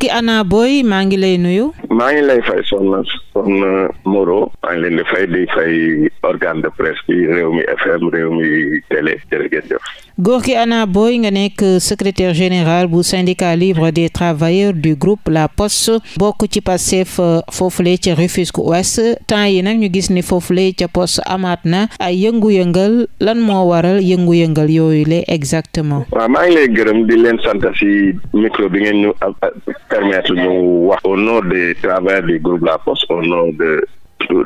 gi Anna Boye maa ngi lay nuyu. maa ngi lay fay soxna soxna Moreau maa ngi leen di di fay organe de presse bi Rewmi FM Rewmi Télé jërëjëf. Gorgui Anna nga nekk secrétaire général bu syndicat libre des travailleurs du groupe La post bokk ci Pastef euh, foofule ca Rufisque Ouest temps yi nag ñu gis ni foofule ca Poste amaat na ay yëngu-yëngal lan moo waral yëngu-yëngal yooyu la exactement. waaw maa ngi lay gërëm di leen sant si micro bi ngeen ñu euh, euh, permettre ñu wax au nom des travers du groupe La Poste au nom de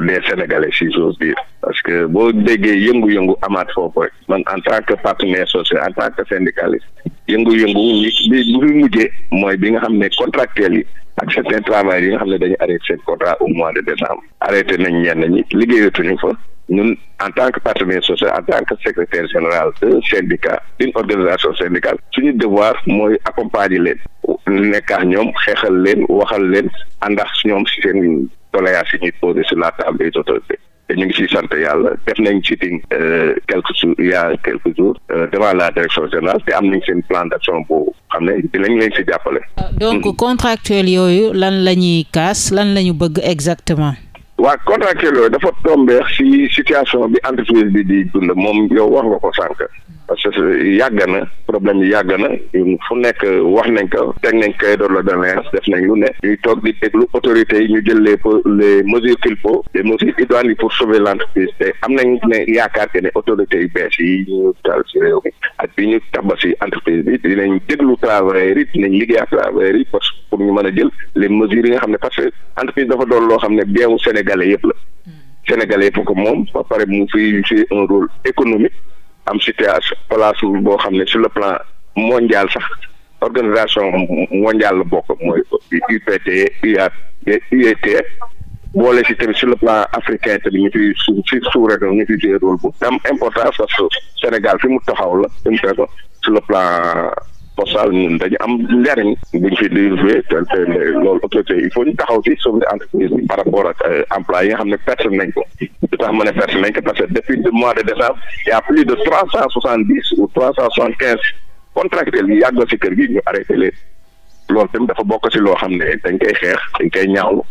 des Sénégalais si j'ose dire parce que boo déggee yëngu-yëngu amaat foofu rek man en tant que partenaire social en tant que syndicaliste yëngu-yëngu bi bu mujjee mooy bi nga xam ne contractuels yi ak certains travailleurs yi nga xam ne dañu arrêté seen contrat au mois de décembre arrêté nañ ñenn ñi liggéeyatuñu fo ñun en tant que partenaire social en tant que secrétaire général de syndicat d'une organisation syndicale suñu devoir mooy accompagner leen nekkax ñoom xeexal leen waxal leen àndax ñoom si seen doléances yi ñuy posé sur la table des autorités te ñu ngi siy sant yàlla def nañ sitting euh, quelques jours il y a quelques jours euh, devant la direction générale te am nañ seen plan d'action boobu xam ne dinañ leen ci jàppale euh, donc mm-hmm. contractuel yooyu lan la ñuy kaas lan la ñu waa contractuel yooyu dafa tombeex si situation bi entreprise bi di dund moom yow wax nga ko sànq parce que yàgg na problème yi yàgg na fu nekk wax nañ ko teg nañ kay doon la doléance def nañ lu ne ñuy toog di déglu autorités yi ñu jël les les mesures qu'il faut les mesures idoines yi pour sauver l'entreprise te am nañ ne yaakaar que ne autorités yu bees yi ñu tal ci réew mi ak bi ñu tabasi entreprise bi dinañ déglu travailleurs yi dinañ liggéey ak travailleurs yi parce que pour ñu mën a jël les mesures yi nga xam ne parce que entreprise dafa doon loo xam ne beewu sénégalais yëpp la hmm. sénégalais yëpp ko moom ba pare mu fi fi un rôle économique am situation place boo xam ne sur le plan mondial sax organisation mondial la bokk mooy UPT UAP UET boole si tamit sur le plan africain tamit ñu ciy su si sous-région ñu ciy joué rôle bu am importance parce Sénégal fi mu taxaw la fi mu ko sur le plan. postal ñun dañu am njariñ buñ fi développé te loolu autorité il faut ñu taxaw ci sauver entreprise bi par rapport ak euh, emploi yi nga xam ne perte nañ ko lu tax ma ne perte nañ ko parce que depuis le mois de décembre il y a plus de trois cent soixante dix ou trois cent quinze contractuels yi yàgg ci kër gi ñu arrêté leen loolu tamit dafa bokk ci loo xam ne dañ koy xeex dañ koy ñaawlu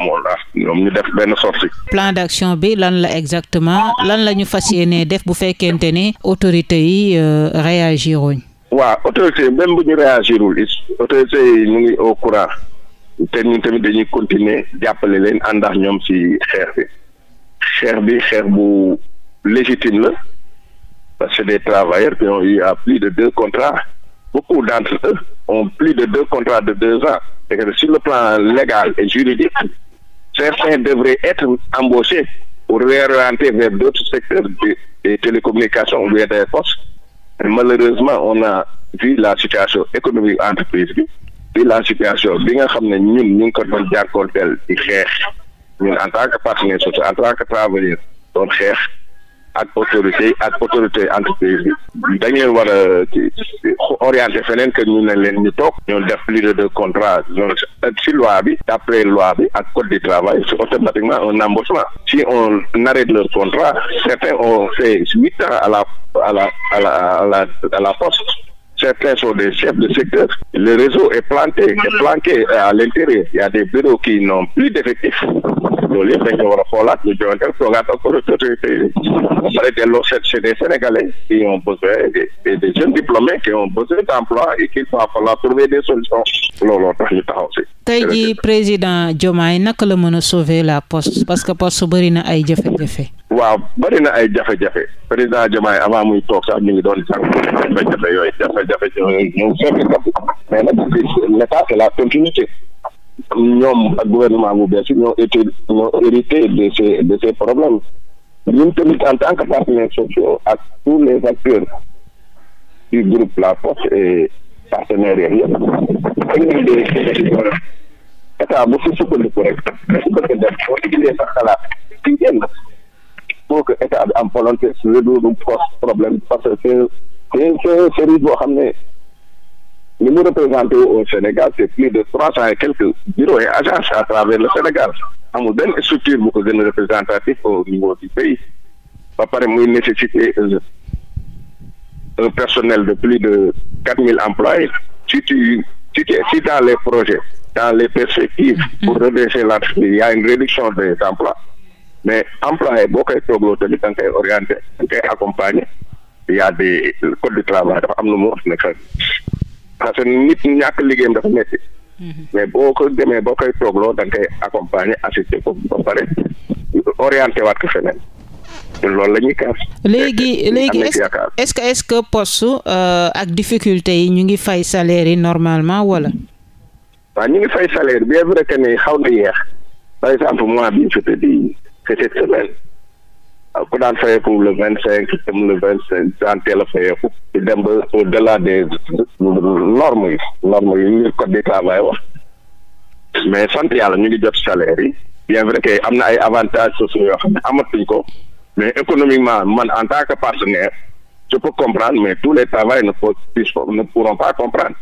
moom la ñoom ñu def benn sortie plan d'action bi lan la exactement lan la ñu fas yéenee def bu fekkente ne autorités yi euh, réagiruñ waaw autorité même bu ñu réagirul autorité yi ñu ngi au courant te ñun tamit dañuy continuer jàppale leen àndax ñoom ci xeex bi xeex bi xeex bu légitime la parce que des travailleurs qui ont eu à plus de deux contrats beaucoup d'entre eux ont plus de deux contrats de deux ans et le plan légal et juridique certains devraient être embauchés pour réorienter vers d'autres secteurs des télécommunications ou des malheureusement on a vu la situation économie entreprise bi vu la situation bi nga xam ne ñun ñu ngi ko doon jànkoonteel di xeex ñun en tant que partenaire surtout en tant que travailleur doon xeex ak autorité yi ak autorité entreprise bi dañ leen war a orienté feneen que ñu ne leen ñu toog ñoo def plus de contrat ñoom si euh, loi bi d'après loi bi ak code du travail c'est automatiquement un embauchement si on arrête leur contrat certains on fait huit ans à la à la à la à la poste certains sont des chefs de secteur le réseau est planté est planqué à l'intérieur il y a des bureaux qui n'ont plus d'effectifs loolu yëpp dañ ko war a xoolaat ñu joxe ak toogaat ak autorité yi ba pare delloo chercher des sénégalais qui ont besoin des des jeunes diplômés qui ont besoin d' emploi et qu'il va falloir trouver des solutions looloo tax ñu taxaw si. tey jii président Diomaye naka la mën a sauver la poste parce que poste bari na ay jafe-jafe. waaw bëri na ay jafe-jafe président Diomaye avant muy toog sax ñu ngi doon sax jafe-jafe yooyu jafe-jafe yooyu ñëw fekk mais nag l'état c'est la continuité. ñoom ak gouvernement bu bees yi ñoo été ñoo hérité de ces de ces problèmes ñun tamit en tant que partenaires sociaux ak tous les acteurs du groupe La Poste et partenaires yooyu yëpp état bu fi sukkandiku rek sukkandiku def boo liggéeyee sa xalaat ci génn pour que état bi am volonté résoudre problème parce que c'est c'est c'est boo xam ne ni mu représenté au Sénégal c'est plus de trois cent et quelques bureaux et agences à travers le Sénégal amul benn structure bu ko gën a représentatif au niveau du pays ba pare muy nécessité euh, un personnel de plus de quatre mille employés si tu si tu si dans les projets dans les perspectives mm-hmm. pour redresser l'entreprise il y a une réduction des emplois mais employé boo koy toogloo tamit da nga koy orienté da nga koy accompagné il y a des code du travail dafa am na mu wax parce que nit ñàkk liggéeyam dafa metti mhm. mais boo ko demee boo koy toogloo da nga koy accompagner assister ko ba pare orienté waat ko feneen loolu lañuy ñuy kaas. léegi léegi est-ce que est-ce que poste euh, ak difficulté yi ñu ngi fay salaire yi normalement wala. waaw ñu ngi fay salaire bien vrai que ne xaw na yeex par exemple mois bi ñu fi tëddi c'est semaine. ku daan fayeeku le vingt cinq dem l vingt cinq daan teel a fayeeku di dem ba au delà des normes yi normes yi ñu ngi code du travail wax mais sant yàlla ñu ngi jot salaire yi bien vrai que am na ay avantages sociaux yoo xam ne amatuñ ko mais économiquement man en tant que partenaire je peux comprendre mais tous les travailleurs ne peuvent ne pourront pas comprendre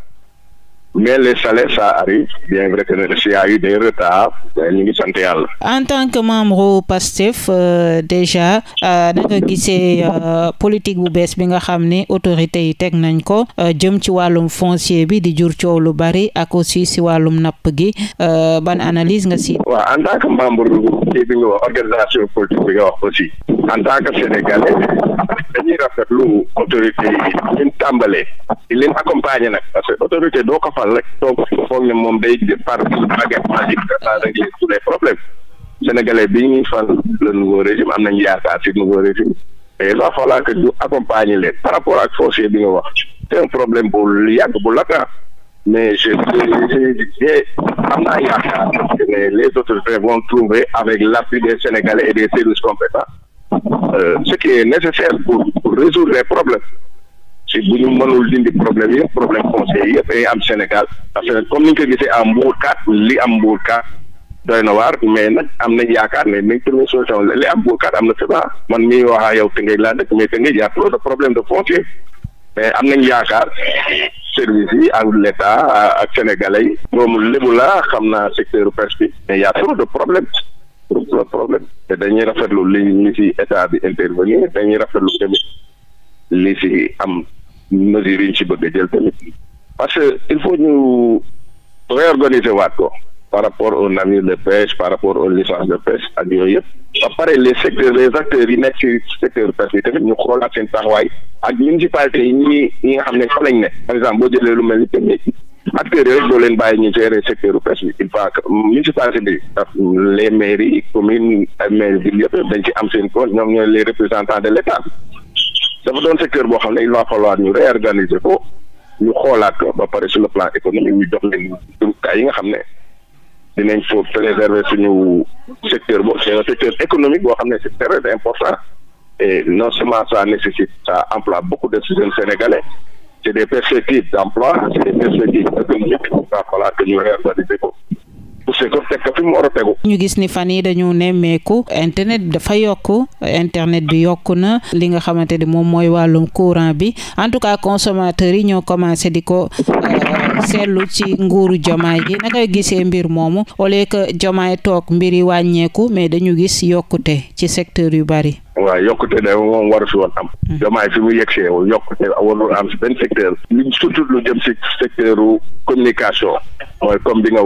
mais les salaires ça arrive bien vrai que s'il y a eu des retards ñu ngi sant yàlla. en tant que membre PASTEF euh, déjà euh, naka gisee euh, politique bu bees bi nga xam ne autorités yi teg nañ ko jëm ci wàllum foncier bi di jur coow lu bari ak aussi si wàllum napp gi ban analyse nga si. waaw en tant que membre kii bi nga wax aussi en tant que sénégalais dañuy rafetlu autorités yi leen tàmbalee di leen accompagner nag parce autorité doo ko fal Sall rek toog foog ne moom day par baguette magique ça règle tous les problèmes sénégalais bi ñuy fan le nouveau régime am nañu yaakaar ci nouveau régime et il va falloir que ñu accompagner leen par rapport ak foncier bi nga wax c'est un problème bu yàgg bu latent mais je je am naa yaakaar que les autorités vont trouver avec l'appui des sénégalais et des services compétents euh, ce qui est nécessaire pour, pour résoudre les problèmes si bu ñu mënul dindi problème yëpp problème foncier yëpp day am Sénégal parce que comme ni ñu ko gisee à Mbour 4 li am Mbour 4 doy na waar mais nag am nañ yaakaar ne nañ trouvé solution li am Mbour 4 am na fi man mii waxaa yow Tëngéej laa dëkk mais Tëngéej y a trop de problème de foncier mais am nañ yaakaar service yi ak ta ak sénégalais yi moom lébu laa xam naa secteur pêche bi mais y a trop de problème trop de problème te dañuy rafetlu li li si état bi intervenir dañuy rafetlu tamit li si am mesures yi ñu ci bëgg a jël tamit parce que il faut ñu réorganiser waat ko par rapport au navire de pêche par rapport a licences de pêche ak yooyu yëpp ba pare les secteurs les acteurs yi nekk ci secteur pêche bi tamit ñu xoolaat seen taxawaay ak municipalité yi ni ñi nga xam ne fa lañ ne par exemple boo jëlee lu mel ni pémee acteurs yi rek doo leen bàyyi ñu gérer secteur pêche bi il faut que municipalité bi les mairies communes maires ville yëpp dañ ci am seen compte ñoom ñooy les représentants de l' état dafa doon secteur boo xam ne il va falloir ñu réorganiser ko ñu xoolaat ko ba pare sur le plan économique ñu jox leen jumtukaay yi nga xam ne dinañ ko préserver suñu secteur boobu c'est un secteur économique boo xam ne si très important et non seulement ça nécessite ça emploie beaucoup de jeunes sénégalais c'est des perspectives d'emploi c'est des perspectives économiques il va falloir que ñu réorganiser ko mu war a tegu. ñu gis ni fan yi dañu nemmeeku internet dafa yokk internet bi yokk na li nga xamante ni moom mooy wàllu courant bi en tout cas consommateurs yi ñoo commencé di ko euh, seetlu ci nguuru jomaay gi naka gisee mbir moomu au lieu que jomaay toog mbir yi wàññeeku mais dañu gis yokkute ci secteur yu bari. waaw yokkute de moom waru fi woon am hmm. jomaay fi mu yegsee yokkute warul am benn secteur li surtout lu jëm si secteur communication mooy comme bi nga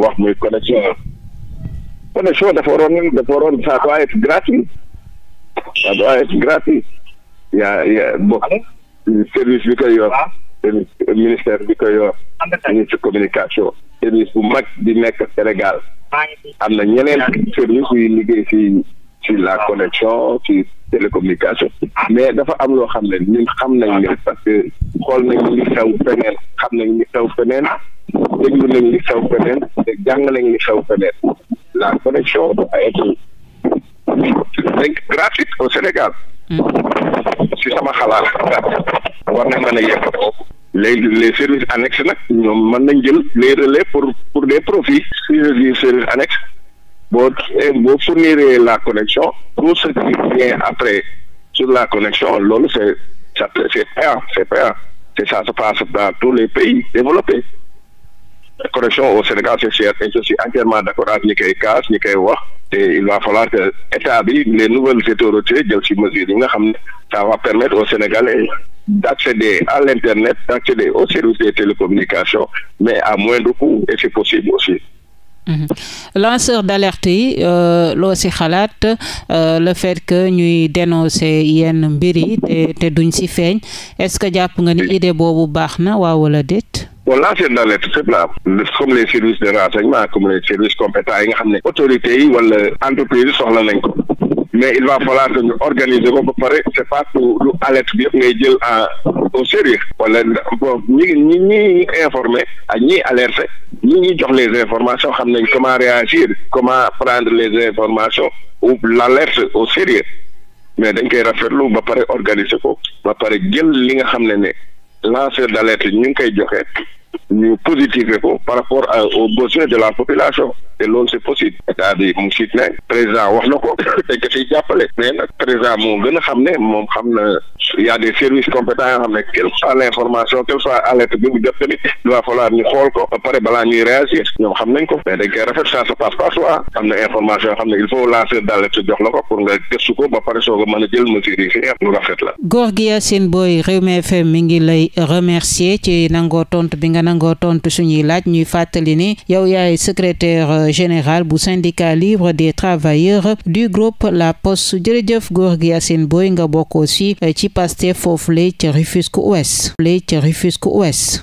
connexion dafa waroon dafa waroon ça doit être gratuit ça doit être gratuit yaa yaa bon service bi koy yor ministère bi koy yor ministre communication service bu mag di nekk Sénégal am na ñeneen service yuy liggéey ci ci la connexion ci télécommunication mais dafa am loo xam ne ñun xam nañ ne parce que xool nañ li xew feneen xam nañ li xew feneen déglu nañ li xew feneen te jàng nañ li xew feneen la connexion mm. eh, eh, a été gratuite au Sénégal. si sama xalaat war na mën a yegg foofu les les services annexes nag ñoom mën nañ jël les relais pour pour des profits si je dis service annexe boo boo fournir la connexion tout ce qui vient après sur la connexion loolu c'est ça c'est payant c'est payant c'est ça se passe dans tous les pays développés corruption au Sénégal c'est cher et je suis entièrement d'accord ak ñi koy kaas ñi koy wax te il va falloir que état bi les nouvelles autorités jël ci mesures nga xam ne ça va permettre au Sénégalais d'accéder à l'internet d'accéder aux services des télécommunications mais à moindre coût et c'est possible aussi mm-hmm. lanceur d'alerte yi euh, loo ci xalaat euh, le fait que ñuy dénoncer yenn mbir yi te te duñ ci feeñ est-ce que jàpp nga ni idée boobu baax na waaw wala déet on lancé la lettre fépp la am comme les services de renseignement comme les services compétents yi nga xam ne autorités yi wala entreprise soxla nañ ko mais il va falloir que ñu organiser ko ba pare c'est pas lu alerte bi yëpp ngay jël en au sérieux wala bon ñi ñi ñi informer ak ñi alerte ñi ñi jox les informations xam nañ comment réagir comment prendre les informations ou l'alerte au sérieux mais dañ koy rafetlu ba pare organiser ko ba pare jël li nga xam ne ne lanceur d'alerte ñu ngi koy joxe ñu positiver ko par rapport aux besoins de la population te loolu c'est possible cest à mu siit ne président wax na ko te ka jàppale mais président moo gën a xam ne moom xam na y a des services yoo xam ne quelle soit l'information quelle soit alerte bi mu jot tamit il va falloir ñu xool ko ba pare balaa ñuy réagir ñoom xam nañ ko mais dañ koy rafet ça se passe pas soit ah. am na information yoo xam ne il faut lancer d'alerte jox la ko pour nga gëstu a a nga tontu suñuy laaj ñuy fàttali ni yow yaay secrétaire euh, général bu syndicat libre des travailleurs du groupe La Poste jërëjëf Gorgui Yacine Boye nga bokk aussi euh, ci Pastef foofule ca Rufisque Ouest le